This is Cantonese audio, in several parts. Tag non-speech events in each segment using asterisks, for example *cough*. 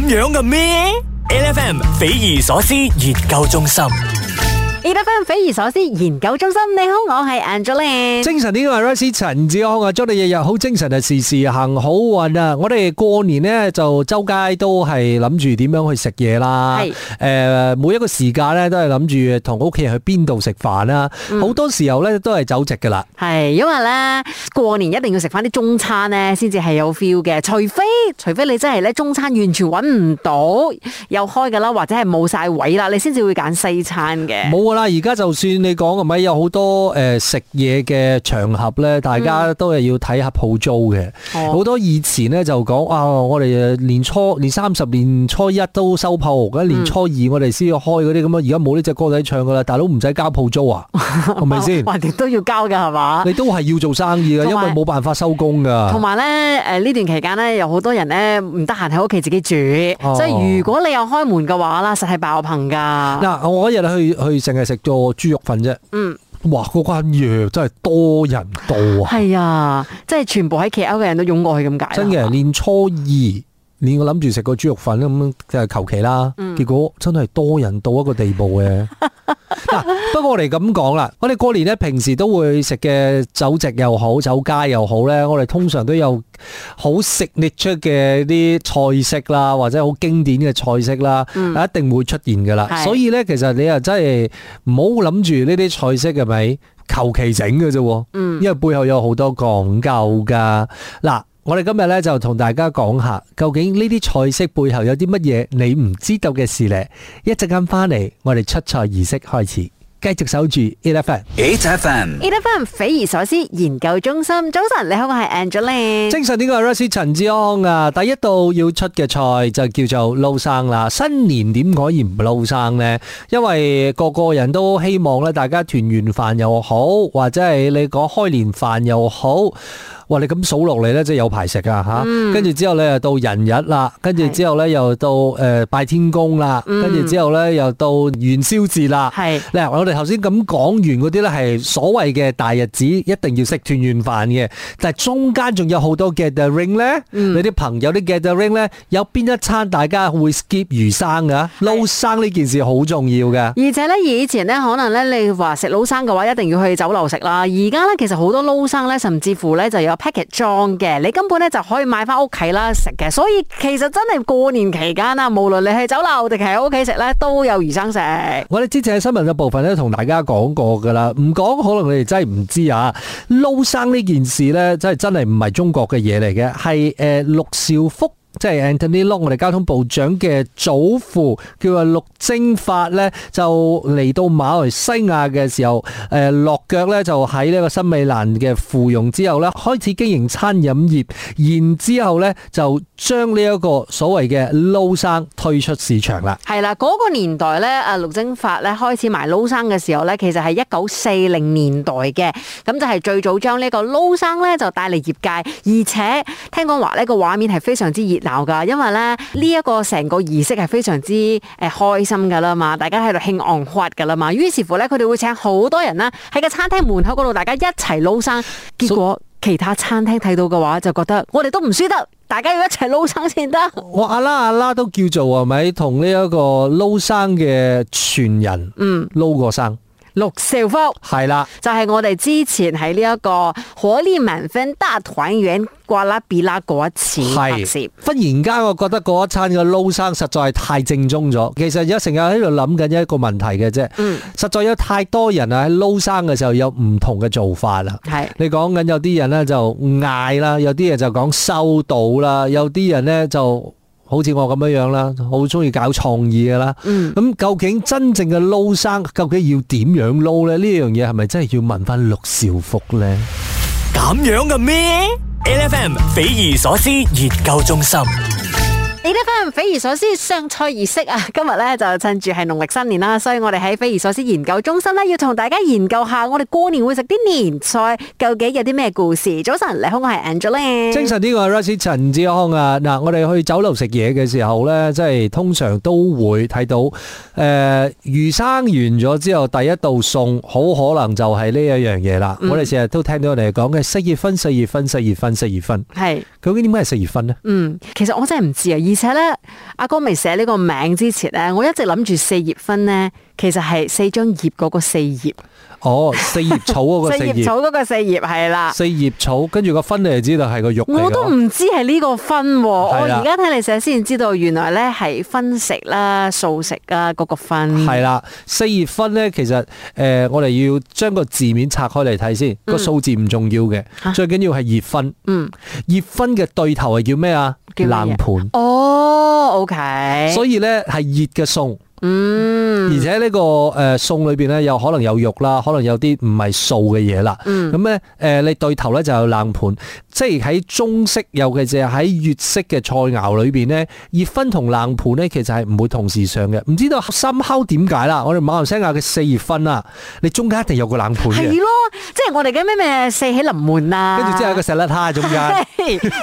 咁樣嘅咩？LFM，匪夷所思研究中心。記得翻匪夷所思研究中心，你好，我係 Angeline 精神啲啊，Rosie 陳志康啊，祝你日日好精神啊，時時行好運啊！我哋過年呢，就周街都係諗住點樣去食嘢啦。係誒、呃，每一個時間呢，都係諗住同屋企人去邊度食飯啦。好、嗯、多時候呢，都係走直噶啦。係因為呢，過年一定要食翻啲中餐呢，先至係有 feel 嘅。除非除非你真係呢，中餐完全揾唔到又開噶啦，或者係冇晒位啦，你先至會揀西餐嘅。冇啊！嗱，而家就算你講啊，係咪有好多誒食嘢嘅場合咧，大家都係要睇下鋪租嘅。好多以前咧就講啊，我哋年初年三十年初一都收鋪，而家年初二我哋先要開嗰啲咁啊。而家冇呢隻歌仔唱噶啦，大佬唔使交鋪租啊，係咪先？橫掂都要交㗎係嘛？你都係要做生意㗎，因為冇辦法收工㗎。同埋咧，誒呢段期間咧，有好多人咧唔得閒喺屋企自己煮，所以如果你有開門嘅話啦，實係爆棚㗎。嗱，我嗰日去去成日。食咗豬肉粉啫，嗯，哇，嗰間嘢真係多人到啊，係啊，即係全部喺其他嘅人都湧過去咁解，啊，真嘅，年初二，連、嗯、我諗住食個豬肉粉咁，那就求其啦，嗯，結果真係多人到一個地步嘅。嗯 *laughs* *laughs* 不過我哋咁講啦，我哋過年咧，平時都會食嘅酒席又好，酒家又好咧，我哋通常都有好食力出嘅啲菜式啦，或者好經典嘅菜式啦，嗯，一定會出現噶啦。所以咧，其實你又真係唔好諗住呢啲菜式係咪求其整噶啫，因為背後有好多講究噶。嗱。我哋今日咧就同大家講下，究竟呢啲菜式背後有啲乜嘢你唔知道嘅事咧？一陣間翻嚟，我哋出菜儀式開始，繼續守住 Elephant，Eight FM，Elephant，匪夷所思研究中心，早晨，你好，我係 Angela，精神呢個係 Rosie 陳志安啊。第一道要出嘅菜就叫做撈生啦，新年點可以唔撈生咧？因為個個人都希望咧，大家團圓飯又好，或者係你講開年飯又好。哇！你咁數落嚟咧，即係有排食噶嚇。跟住之後咧，又到人日啦，跟住之後咧，又到誒拜天公啦，跟住之後咧，又到元宵節啦。係，嗱，我哋頭先咁講完嗰啲咧，係所謂嘅大日子一定要食團圓飯嘅。但係中間仲有好多 gathering 咧，你啲朋友啲 gathering 咧，有邊一餐大家會 skip 魚生噶？撈生呢件事好重要嘅。而且咧，以前咧，可能咧，你話食撈生嘅話，一定要去酒樓食啦。而家咧，其實好多撈生咧，甚至乎咧，就有。package 裝嘅，你根本咧就可以買翻屋企啦，食嘅，所以其實真係過年期間啊，無論你係酒樓定係喺屋企食咧，都有魚生食。我哋之前喺新聞嘅部分咧，同大家講過噶啦，唔講可能你哋真係唔知啊。撈生呢件事咧，真係真係唔係中國嘅嘢嚟嘅，係誒陸兆福。即係 Anthony Loke 我哋交通部長嘅祖父叫做陸征發呢，就嚟到馬來西亞嘅時候，誒落腳呢就喺呢個新美蘭嘅芙蓉，之後呢開始經營餐飲業，然之後呢就將呢一個所謂嘅撈生推出市場喇係啦。𠮶 個年代呢，阿陸征發呢開始賣撈生嘅時候呢其實係一九四零年代嘅，噉就係最早將呢個撈生呢就帶嚟業界，而且聽講話呢個畫面係非常之熱噶，因為咧呢一個成個儀式係非常之誒開心噶啦嘛，大家喺度興昂闊㗎噶啦嘛，於是乎咧佢哋會請好多人咧喺個餐廳門口嗰度，大家一齊撈生。結果其他餐廳睇到嘅話，就覺得我哋都唔輸得，大家要一齊撈生先得。我阿拉阿拉都叫做係咪同呢一個撈生嘅傳人？嗯，撈過生。嗯陸兆福係啦，就係、是、我哋之前喺呢一個火力滿分大團圓掛啦比啦嗰一次拍攝，忽然間我覺得嗰一餐嘅撈生實在太正宗咗。其實有成日喺度諗緊一個問題嘅啫、嗯，實在有太多人啊喺撈生嘅時候有唔同嘅做法啦。係你講緊有啲人咧就嗌啦，有啲人就講收到啦，有啲人咧就。好似我咁樣樣啦，好中意搞創意噶啦。咁、嗯、究竟真正嘅撈生，究竟要點樣撈咧？呢樣嘢係咪真係要問翻陸兆福咧？咁樣嘅咩？LFM，匪夷所思研究中心。你哋歡迎匪夷所思上菜儀式啊！今日咧就趁住係農曆新年啦，所以我哋喺匪夷所思研究中心咧，要同大家研究下我哋過年會食啲年菜，究竟有啲咩故事？早晨你好，我係 Angeline。精神呢個係 Rusty 陳志康啊！嗱，我哋去酒樓食嘢嘅時候咧，即係通常都會睇到誒，魚生完咗之後第一道餸，好可能就係呢一樣嘢啦。我哋成日都聽到人哋講嘅四月份、四月份、四月份、四月份，係究竟點解係四月份咧？嗯，其實我真係唔知啊，意。而且咧，阿哥未寫呢個名之前咧，我一直諗住四葉分咧。其實係四張葉嗰個四葉，哦，四葉草嗰個四葉， *laughs* 四葉草嗰個四葉係啦。四葉草，跟住個分你就知道係個肉嚟咯，我都唔知係呢個分，我而家睇你寫先知道，原來咧係分食啦，素食啦嗰個分係啦。四葉分咧，其實誒、呃，我哋要將個字面拆開嚟睇先，個、嗯、數字唔重要嘅，啊，最緊要係熱分。嗯，熱分嘅對頭係叫咩啊？冷盤。哦，OK。所以咧係熱嘅餸。嗯，而且呢個誒餸裏邊咧，有可能有肉啦，可能有啲唔係素嘅嘢啦。咁、嗯、咧，誒、呃、你對頭咧就有冷盤，即係喺中式，尤其是喺粵式嘅菜肴裏邊呢，熱葷同冷盤咧，其實係唔會同時上嘅。唔知道深秋點解啦？我哋馬來西亞嘅四月份啊，你中間一定有個冷盤。係咯，即係我哋嘅咩咩四喜臨門啊，跟住之後有個石粒蝦中間，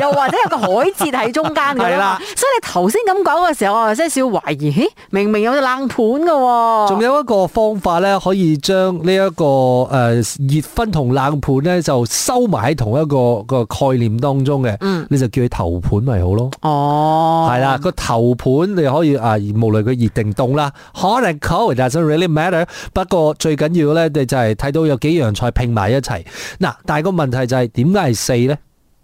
又或者有個海蜇喺中間噶啦。所以你頭先咁講嘅時候，我真係少懷疑，咦，明明有。冷盤嘅喎，仲有一個方法咧，可以將呢一個誒熱分同冷盤咧，就收埋喺同一個個概念當中嘅，嗯，你就叫佢頭盤咪好咯。哦，係啦，個頭盤你可以啊，無論佢熱定凍啦，可能 c o 可能但係真係 really matter。不過最緊要咧，你就係睇到有幾樣菜拼埋一齊。嗱，但係個問題就係點解係四咧？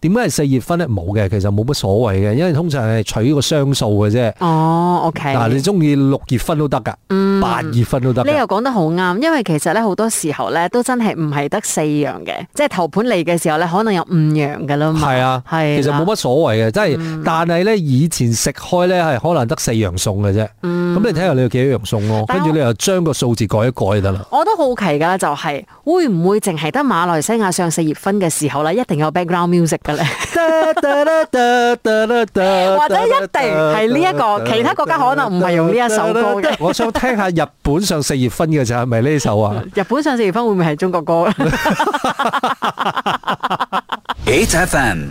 點解係四熱葷咧？冇嘅，其實冇乜所謂嘅，因為通常係取個雙數嘅啫。哦，OK。嗱、啊，你中意六熱葷都得噶，八熱葷都得。你又講得好啱，因為其實咧好多時候咧都真係唔係得四樣嘅，即係頭盤嚟嘅時候呢可能有五樣噶啦嘛。係啊，其實冇乜所謂嘅，真係、嗯，但係咧以前食開咧係可能得四樣餸嘅啫。咁、嗯、你睇下你有幾樣餸咯，跟住你又將個數字改一改就得啦。我都好奇噶，就係、是、會唔會淨係得馬來西亞上四熱葷嘅時候咧，一定有 background music？ *laughs* 或者一定係呢一個，其他國家可能唔係用呢一首歌嘅。 *laughs* 我想聽下日本上四月份嘅就係咪呢首啊？日本上四月份會唔會係中國歌？Eight s h t s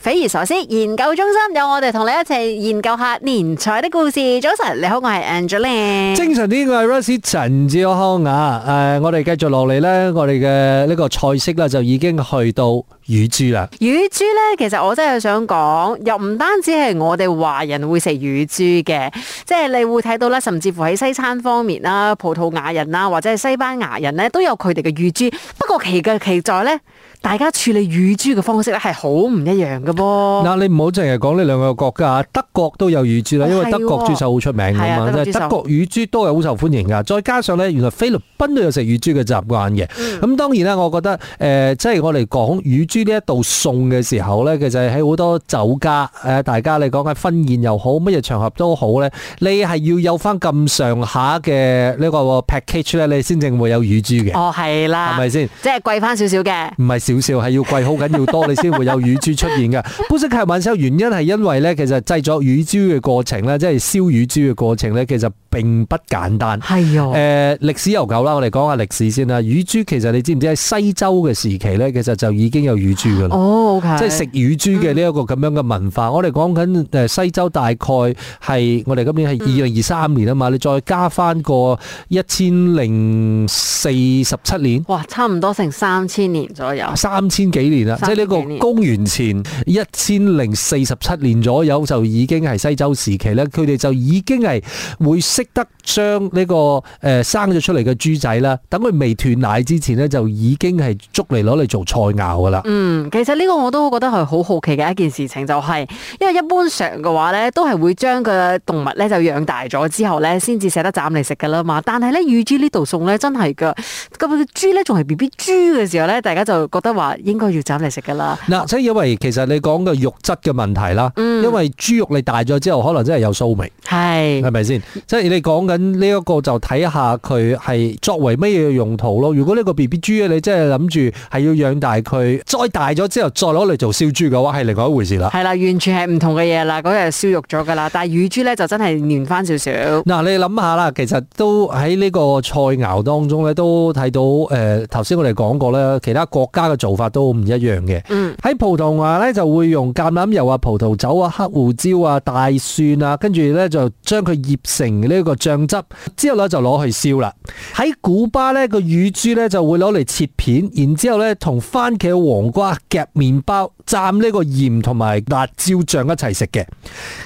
匪夷所思研究中心有我哋同你一齊研究下年菜的故事。早晨，你好，我係 Angela。清晨啲我係 Rosie 陳志康啊。誒、呃，我哋繼續落嚟咧，我哋嘅呢個菜式咧就已經去到。乳豬啦，乳豬咧，其實我真係想講，又唔單止係我哋華人會食乳豬嘅，即係你會睇到啦，甚至乎喺西餐方面啦，葡萄牙人啦，或者係西班牙人呢，都有佢哋嘅乳豬。不過奇嘅奇在咧，大家處理乳豬嘅方式咧，係好唔一樣㗎噃。嗱、啊，你唔好淨係講呢兩個國家，德國都有乳豬啦，因為德國豬手好出名，德國豬手、德國乳豬都係好受歡迎噶。再加上咧，原來菲律賓都有食乳豬嘅習慣嘅。咁、嗯、當然啦，我覺得、呃、即係我哋講乳。豬呢一道餸嘅時候咧，其實喺好多酒家，誒，大家你講嘅婚宴又好，乜嘢場合都好咧，你係要有翻咁上下嘅呢個 package 咧，你先至會有乳豬嘅。哦，係啦，係咪先？即係貴翻少少嘅？唔係少少，係要貴好緊要多，你先會有乳豬出現嘅。 *laughs* 布式係問聲原因，係因為咧，其實製作乳豬嘅過程咧，即係燒乳豬嘅過程咧，其實並不簡單。係誒、哦呃，歷史悠久啦，我哋講下歷史先啦。乳豬其實你知唔知喺西周嘅時期咧，其實就已經有。乳豬噶啦，哦、okay，即係食乳豬嘅呢一個咁樣嘅文化。嗯、我哋講緊誒西周，大概係我哋今年係二零二三年啊嘛、嗯。你再加翻個一千零四十七年，哇，差唔多成三千年左右，三千幾年啦！即係呢個公元前一千零四十七年左右就已經係西周時期咧，佢哋就已經係會識得將呢個誒生咗出嚟嘅豬仔啦，等佢未斷奶之前咧就已經係捉嚟攞嚟做菜餚噶啦。嗯嗯，其實呢個我都覺得係好好奇嘅一件事情，就係、是、因為一般常嘅話咧，都係會將個動物咧就養大咗之後咧，先至捨得斬嚟食噶啦嘛。但係咧，乳豬呢道餸咧真係噶，咁個豬咧仲係 B B 豬嘅時候咧，大家就覺得話應該要斬嚟食噶啦。嗱，即係因為其實你講嘅肉質嘅問題啦、嗯，因為豬肉你大咗之後，可能真係有騷味，係係咪先？即係你講緊呢一個就睇下佢係作為咩嘢用途咯。如果呢個 B B 豬你真係諗住係要養大佢，再大咗之後再攞嚟做燒豬嘅話係另外一回事啦，係啦，完全係唔同嘅嘢啦，嗰日燒肉咗㗎啦，但係乳豬呢就真係嫩翻少少。嗱、啊，你諗下啦，其實都喺呢個菜肴當中呢都睇到誒，頭先我哋講過呢，其他國家嘅做法都唔一樣嘅。嗯，喺葡萄牙呢，就會用橄欖油啊、葡萄酒啊、黑胡椒啊、大蒜啊，跟住呢就將佢醃成呢個醬汁，之後呢就攞去燒啦。喺古巴呢，個乳豬呢就會攞嚟切片，然之後呢同番茄黃瓜夾麵包蘸呢個鹽同埋辣椒醬一齊食嘅，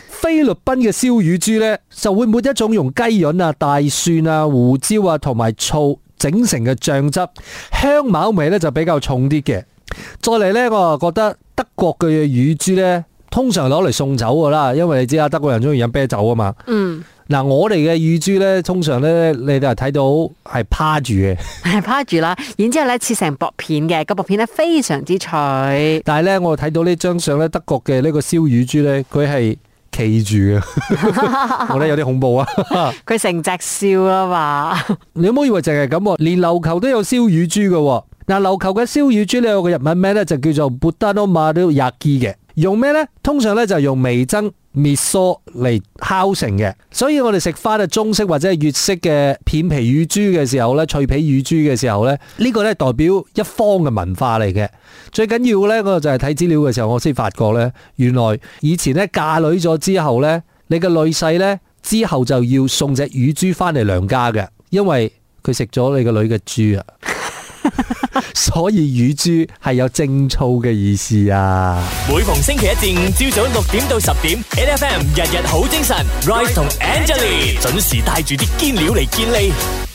菲律賓嘅燒乳豬呢，就會抹一種用雞卵啊、大蒜啊、胡椒啊同埋醋整成嘅醬汁，香茅味呢就比較重啲嘅。再嚟呢，我覺得德國嘅乳豬呢。通常攞嚟送酒噶啦，因為你知啊，德國人中意飲啤酒啊嘛。嗯，嗱、啊，我哋嘅乳豬咧，通常咧，你哋係睇到係趴住嘅，係趴住啦。然之後咧，切成薄片嘅，個薄片咧非常之脆。但係咧，我睇到呢張相咧，德國嘅呢個燒乳豬咧，佢係企住嘅， *laughs* 我覺得有啲恐怖啊。佢成隻燒啊嘛，你唔好以為淨係咁，連琉球都有燒乳豬喎！嗱，琉球嘅燒乳豬咧，有個日文名咧就叫做 butano maru yaki 嘅。用咩呢？通常咧就係用味噌味素嚟烤成嘅，所以我哋食翻啊中式或者係粵式嘅片皮乳豬嘅時候咧，脆皮乳豬嘅時候咧，呢、這個咧代表一方嘅文化嚟嘅。最緊要呢，我就係睇資料嘅時候，我先發覺呢，原來以前咧嫁女咗之後呢，你嘅女婿呢之後就要送隻乳豬翻嚟娘家嘅，因為佢食咗你個女嘅豬啊。 *laughs* 所以乳豬係有精操嘅意思啊！每逢星期一至五朝早六點到十點，N F M 日日好精神，Rise 同 Angeline 準時帶住啲堅料嚟堅利。